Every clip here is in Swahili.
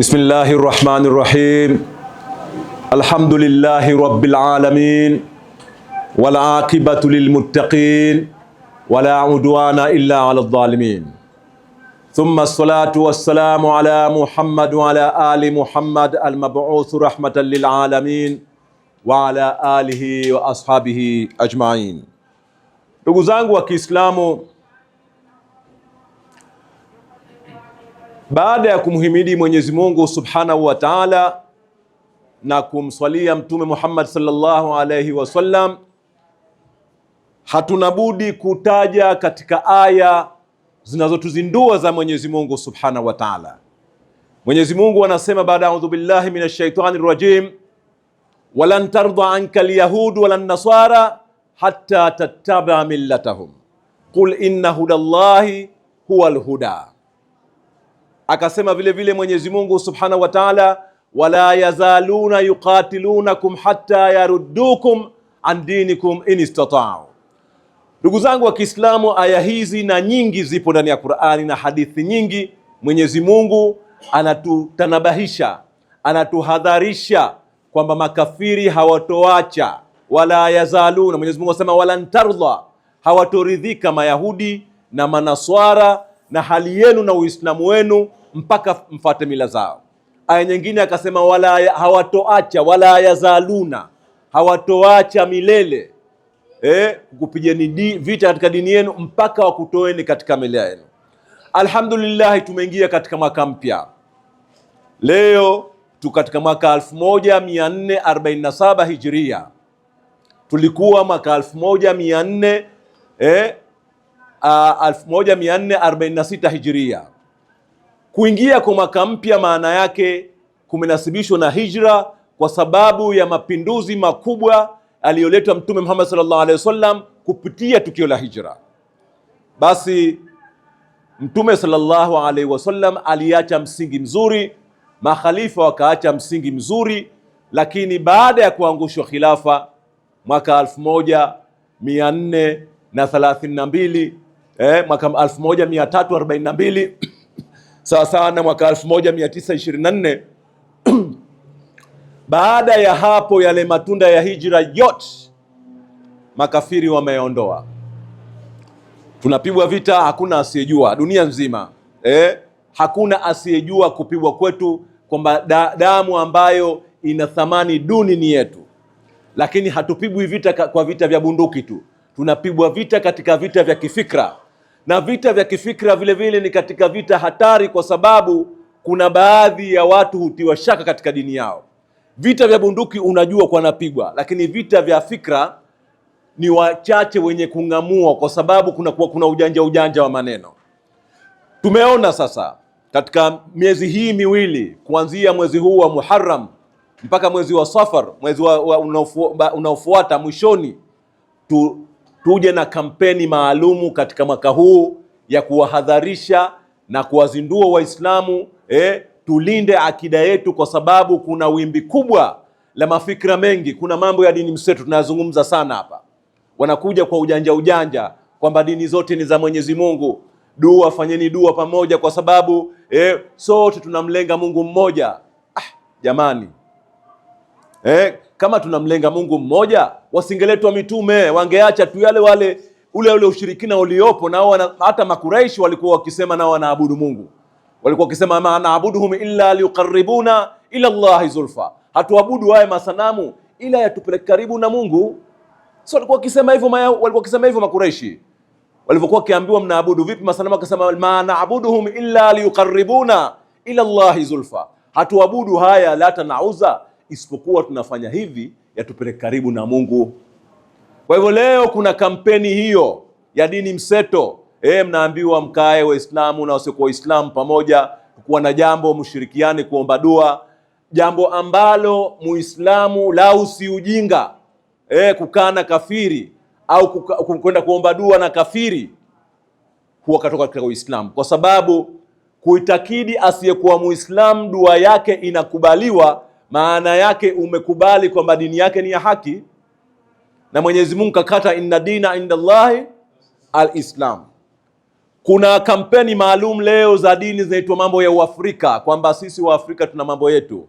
بسم الله الرحمن الرحيم الحمد لله رب العالمين والعاقبة للمتقين ولا عدوان إلا على الظالمين ثم الصلاة والسلام على محمد وعلى آل محمد المبعوث رحمة للعالمين وعلى آله وأصحابه أجمعين ndugu وكي إسلامه Baada ya kumhimidi Mwenyezi Mungu Subhanahu wa Ta'ala na kumswalia Mtume Muhammad sallallahu alayhi wasallam, hatuna budi kutaja katika aya zinazotuzindua za Mwenyezi Mungu Subhanahu wa Ta'ala. Mwenyezi Mungu anasema baada ya audhu billahi minash shaitani rajim, walan tardha anka alyahudu walan nasara hatta tattaba millatahum qul inna hudallahi huwal huda Akasema vile vile Mwenyezi Mungu Subhanahu wa Ta'ala, wala yazaluna yuqatilunakum hatta yaruddukum an dinikum in istata'u. Ndugu zangu wa Kiislamu, aya hizi na nyingi zipo ndani ya Qur'ani na hadithi nyingi. Mwenyezi Mungu anatutanabahisha, anatuhadharisha kwamba makafiri hawatoacha wala yazaluna. Mwenyezi Mungu asema walan tardha, hawatoridhika Mayahudi na Manaswara na hali yenu na Uislamu wenu mpaka mfate mila zao. Aya nyingine akasema, wala hawatoacha wala yazaluna, hawatoacha milele eh, kupigeni vita katika dini yenu mpaka wakutoeni katika mila yenu. Alhamdulillah, tumeingia katika mwaka mpya leo tu katika mwaka 1447 Hijria, tulikuwa mwaka 1400 eh, 1446 Hijria. Kuingia kwa mwaka mpya maana yake kumenasibishwa na hijra kwa sababu ya mapinduzi makubwa aliyoletwa Mtume Muhammad sallallahu alaihi wasallam kupitia tukio la hijra. Basi Mtume sallallahu alaihi wasallam aliacha msingi mzuri, makhalifa wakaacha msingi mzuri, lakini baada ya kuangushwa khilafa mwaka 1432 eh, mwaka 1342 sawasawa na mwaka 1924 baada ya hapo, yale matunda ya hijra yote makafiri wameondoa. Tunapigwa vita, hakuna asiyejua dunia nzima eh? Hakuna asiyejua kupigwa kwetu, kwamba damu ambayo ina thamani duni ni yetu, lakini hatupigwi vita kwa vita vya bunduki tu, tunapigwa vita katika vita vya kifikra. Na vita vya kifikra vile vile ni katika vita hatari, kwa sababu kuna baadhi ya watu hutiwa shaka katika dini yao. Vita vya bunduki unajua kwa napigwa, lakini vita vya fikra ni wachache wenye kung'amua, kwa sababu kuna, kuna ujanja ujanja wa maneno. Tumeona sasa katika miezi hii miwili kuanzia mwezi huu wa Muharram mpaka mwezi wa Safar, mwezi unaofuata mwishoni tu tuje na kampeni maalumu katika mwaka huu ya kuwahadharisha na kuwazindua Waislamu eh, tulinde akida yetu, kwa sababu kuna wimbi kubwa la mafikra mengi. Kuna mambo ya dini mseto tunayazungumza sana hapa, wanakuja kwa ujanja ujanja kwamba dini zote ni za Mwenyezi Mungu, dua fanyeni dua pamoja, kwa sababu eh, sote tunamlenga Mungu mmoja. Ah, jamani eh, kama tunamlenga Mungu mmoja, wasingeletwa mitume, wangeacha tu yale wale ule ule ushirikina uliopo na wana, hata Makuraishi walikuwa wakisema nao wanaabudu Mungu, walikuwa wakisema ma naabuduhum illa liuqarribuna ila Allahi zulfa, hatuabudu haya masanamu ila yatupeleke karibu na Mungu. So walikuwa wakisema hivyo, walikuwa wakisema hivyo Makuraishi walivyokuwa wakiambiwa mnaabudu vipi masanamu, akasema ma naabuduhum illa liuqarribuna ila Allahi zulfa, hatuabudu haya la tanauza isipokuwa tunafanya hivi yatupeleke karibu na Mungu. Kwa hivyo leo kuna kampeni hiyo ya dini mseto. E, mnaambiwa mkae Waislamu na wasiokuwa Waislamu pamoja, kuwa na jambo mshirikiane kuomba dua, jambo ambalo Muislamu lau si ujinga e, kukaa na kafiri au kwenda kuomba dua na kafiri huwa katoka katika Uislamu, kwa sababu kuitakidi asiyekuwa Muislamu dua yake inakubaliwa maana yake umekubali kwamba dini yake ni ya haki na Mwenyezi Mungu kakata, inna dina inda Allahi alislam. Kuna kampeni maalum leo za dini zinaitwa mambo ya Uafrika, kwamba sisi Waafrika tuna mambo yetu,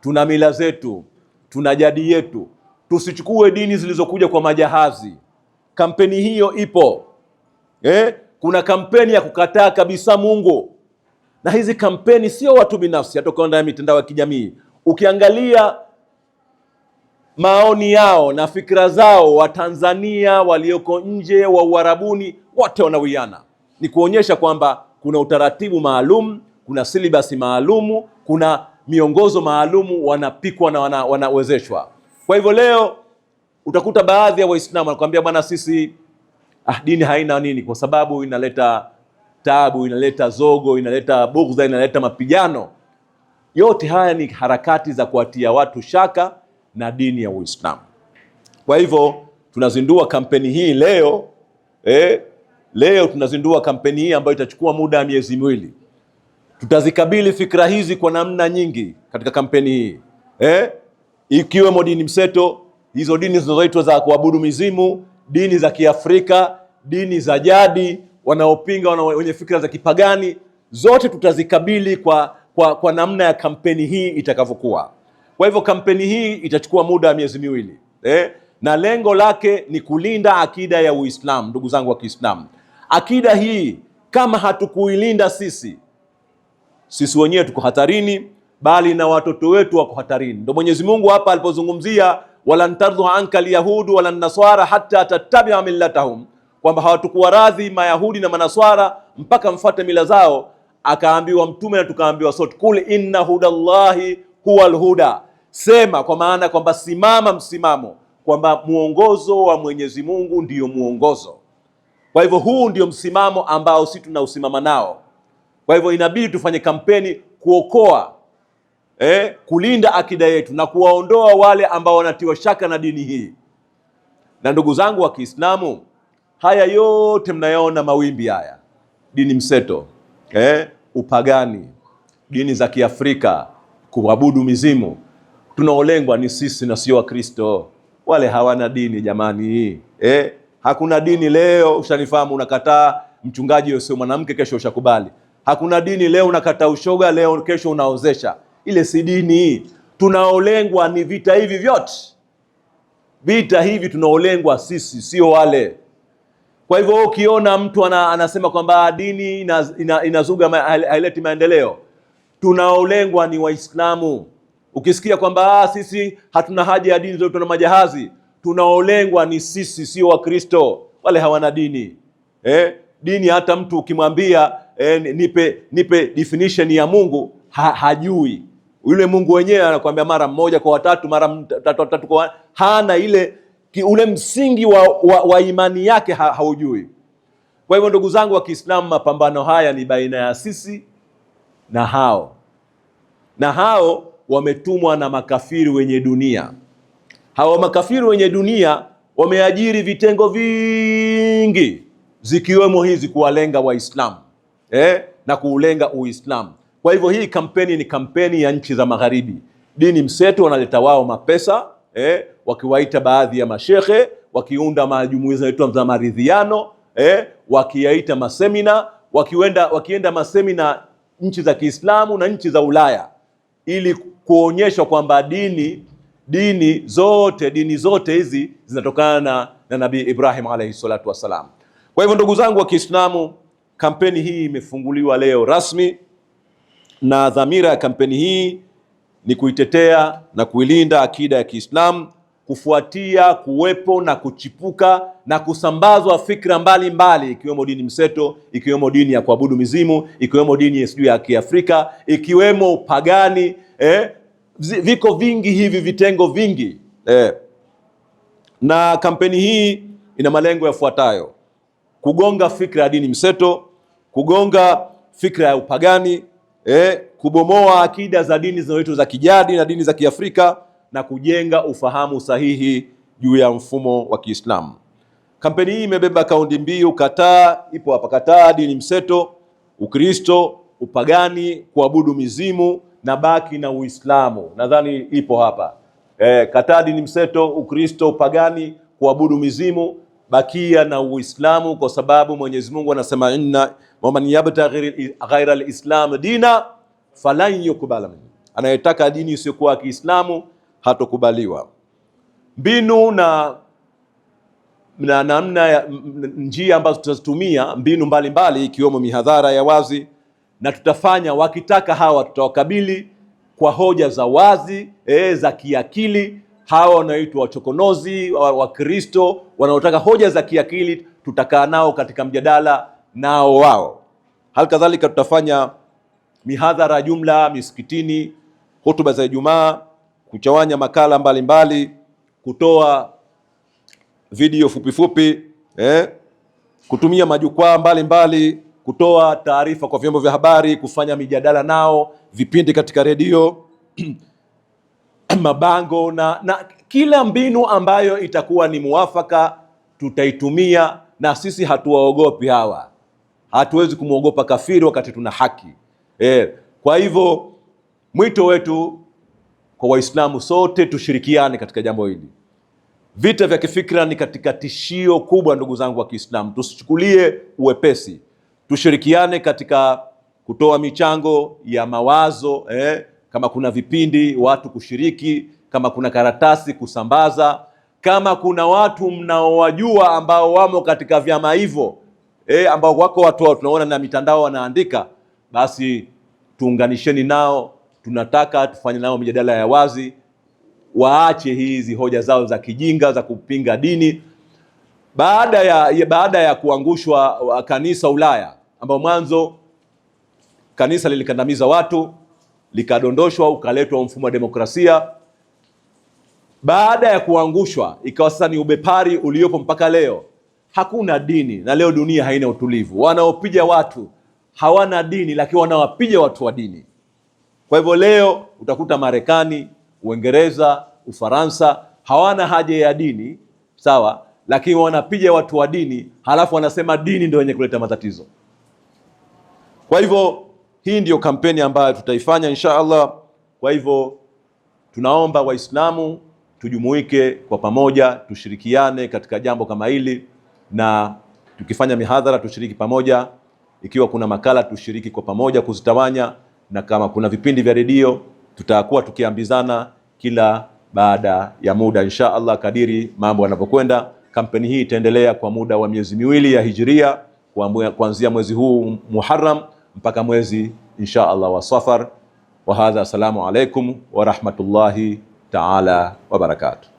tuna mila zetu, tuna jadi yetu, tusichukue dini zilizokuja kwa majahazi. Kampeni hiyo ipo eh? Kuna kampeni ya kukataa kabisa Mungu, na hizi kampeni sio watu binafsi, hata ukaenda mitandao ya kijamii Ukiangalia maoni yao na fikra zao, Watanzania walioko nje wa Uarabuni wote wanawiana. Ni kuonyesha kwamba kuna utaratibu maalum, kuna silibasi maalumu, kuna miongozo maalumu, wanapikwa na wana, wanawezeshwa. Kwa hivyo leo utakuta baadhi ya Waislamu wanakuambia bwana, sisi ah, dini haina nini, kwa sababu inaleta taabu, inaleta zogo, inaleta bugdha, inaleta mapigano. Yote haya ni harakati za kuwatia watu shaka na dini ya Uislamu. Kwa hivyo tunazindua kampeni hii leo eh, leo tunazindua kampeni hii ambayo itachukua muda wa miezi miwili. Tutazikabili fikra hizi kwa namna nyingi katika kampeni hii eh, ikiwemo dini mseto, hizo dini zinazoitwa za kuabudu mizimu, dini za Kiafrika, dini za jadi, wanaopinga wana wenye fikra za kipagani, zote tutazikabili kwa kwa, kwa namna ya kampeni hii itakavyokuwa. Kwa hivyo kampeni hii itachukua muda wa miezi miwili eh? na lengo lake ni kulinda akida ya Uislamu. Ndugu zangu wa Kiislamu, akida hii kama hatukuilinda sisi, sisi wenyewe tuko hatarini, bali na watoto wetu wako hatarini. Ndio Mwenyezi Mungu hapa alipozungumzia walan tardha anka alyahudu wala naswara hatta tattabia millatahum, kwamba hawatukuwa radhi Mayahudi na Manaswara mpaka mfuate mila zao akaambiwa mtume na tukaambiwa sote, kul inna hudallahi huwa alhuda, sema kwa maana kwamba simama msimamo kwamba mwongozo wa Mwenyezi Mungu ndiyo mwongozo. Kwa hivyo huu ndio msimamo ambao sisi tunausimama nao. Kwa hivyo inabidi tufanye kampeni kuokoa eh, kulinda akida yetu na kuwaondoa wale ambao wanatiwa shaka na dini hii. Na ndugu zangu wa Kiislamu, haya yote mnayaona mawimbi haya, dini mseto eh, upagani, dini za Kiafrika, kuabudu mizimu. Tunaolengwa ni sisi na sio Wakristo, wale hawana dini jamani, eh, hakuna dini. Leo ushanifahamu, unakataa mchungaji sio mwanamke, kesho ushakubali. Hakuna dini, leo unakataa ushoga, leo kesho unaozesha. Ile si dini. Tunaolengwa ni vita hivi vyote, vita hivi tunaolengwa sisi, sio wale kwa hivyo ukiona mtu ana, anasema kwamba dini inazuga ina, inazuga haileti maendeleo, tunaolengwa ni Waislamu. Ukisikia kwamba ah, sisi hatuna haja ya dini zote na majahazi, tunaolengwa ni sisi, sio Wakristo, wale hawana dini eh? Dini hata mtu ukimwambia eh, nipe nipe definition ya Mungu ha, hajui yule Mungu wenyewe anakuambia mara mmoja kwa watatu, mara tatu tatu kwa hana ile ule msingi wa, wa, wa imani yake ha, haujui. Kwa hivyo ndugu zangu wa Kiislamu, mapambano haya ni baina ya sisi na hao, na hao wametumwa na makafiri wenye dunia. Hawa makafiri wenye dunia wameajiri vitengo vingi, zikiwemo hizi kuwalenga Waislamu eh, na kuulenga Uislamu. Kwa hivyo hii kampeni ni kampeni ya nchi za Magharibi, dini mseto wanaleta wao mapesa eh, wakiwaita baadhi ya mashehe, wakiunda majumuiya zinaitwa za maridhiano eh, wakiyaita masemina, wakienda wakienda masemina nchi za Kiislamu na nchi za Ulaya ili kuonyesha kwamba dini dini zote dini zote hizi zinatokana na Nabii Ibrahim alayhi salatu wassalam. Kwa hivyo ndugu zangu wa Kiislamu, kampeni hii imefunguliwa leo rasmi na dhamira ya kampeni hii ni kuitetea na kuilinda akida ya Kiislamu kufuatia kuwepo na kuchipuka na kusambazwa fikra mbalimbali ikiwemo dini mseto, ikiwemo dini ya kuabudu mizimu, ikiwemo dini sijui ya Kiafrika, ikiwemo pagani eh, viko vingi hivi vitengo vingi eh. Na kampeni hii ina malengo yafuatayo: kugonga fikra ya dini mseto, kugonga fikra ya upagani eh, kubomoa akida za dini zinazoitwa za kijadi na dini za Kiafrika na kujenga ufahamu sahihi juu ya mfumo wa Kiislamu. Kampeni hii imebeba kaundi mbiu kataa, ipo hapa: kataa dini mseto, Ukristo, upagani, kuabudu mizimu na baki na Uislamu. Nadhani ipo hapa eh, kataa dini mseto, Ukristo, upagani, kuabudu mizimu, bakia na Uislamu, kwa sababu Mwenyezi Mungu anasema inna man yabtaghi ghaira alislam dina falan yukbala min, anayetaka dini isiyokuwa Kiislamu hatokubaliwa. Mbinu na na namna ya njia ambazo tutazitumia mbinu mbalimbali ikiwemo mihadhara ya wazi, na tutafanya wakitaka hawa tutawakabili kwa hoja za wazi e, za kiakili. Hawa wanaoitwa wachokonozi Wakristo wanaotaka hoja za kiakili, tutakaa nao katika mjadala nao wao. Hali kadhalika tutafanya mihadhara ya jumla misikitini, hotuba za Ijumaa, kuchawanya makala mbalimbali mbali, kutoa video fupifupi eh, kutumia majukwaa mbalimbali, kutoa taarifa kwa vyombo vya habari, kufanya mijadala nao, vipindi katika redio mabango na, na kila mbinu ambayo itakuwa ni muwafaka tutaitumia, na sisi hatuwaogopi hawa hatuwezi kumwogopa kafiri wakati tuna haki e. Kwa hivyo mwito wetu kwa Waislamu sote tushirikiane katika jambo hili. Vita vya kifikra ni katika tishio kubwa, ndugu zangu wa Kiislamu, tusichukulie uwepesi, tushirikiane katika kutoa michango ya mawazo eh, kama kuna vipindi watu kushiriki, kama kuna karatasi kusambaza, kama kuna watu mnaowajua ambao wamo katika vyama hivyo e, ambao wako watu tunaona na mitandao wanaandika, basi tuunganisheni nao. Tunataka tufanye nao mijadala ya wazi, waache hizi hoja zao za kijinga za kupinga dini. Baada ya, baada ya kuangushwa kanisa Ulaya, ambao mwanzo kanisa lilikandamiza watu likadondoshwa, ukaletwa mfumo wa demokrasia. Baada ya kuangushwa, ikawa sasa ni ubepari uliopo mpaka leo hakuna dini, na leo dunia haina utulivu. Wanaopiga watu hawana dini, lakini wanawapiga watu wa dini. Kwa hivyo leo utakuta Marekani, Uingereza, Ufaransa hawana haja ya dini, sawa, lakini wanapiga watu wa dini, halafu wanasema dini ndio yenye kuleta matatizo. Kwa hivyo hii ndiyo kampeni ambayo tutaifanya insha Allah. Kwa hivyo tunaomba Waislamu tujumuike kwa pamoja, tushirikiane katika jambo kama hili na tukifanya mihadhara tushiriki pamoja, ikiwa kuna makala tushiriki kwa pamoja kuzitawanya, na kama kuna vipindi vya redio tutakuwa tukiambizana kila baada ya muda insha Allah, kadiri mambo yanavyokwenda. Kampeni hii itaendelea kwa muda wa miezi miwili ya Hijiria, kuanzia mwezi huu Muharram mpaka mwezi insha Allah wa Safar. Wa hadha, assalamu alaikum wa rahmatullahi ta'ala wa barakatuh.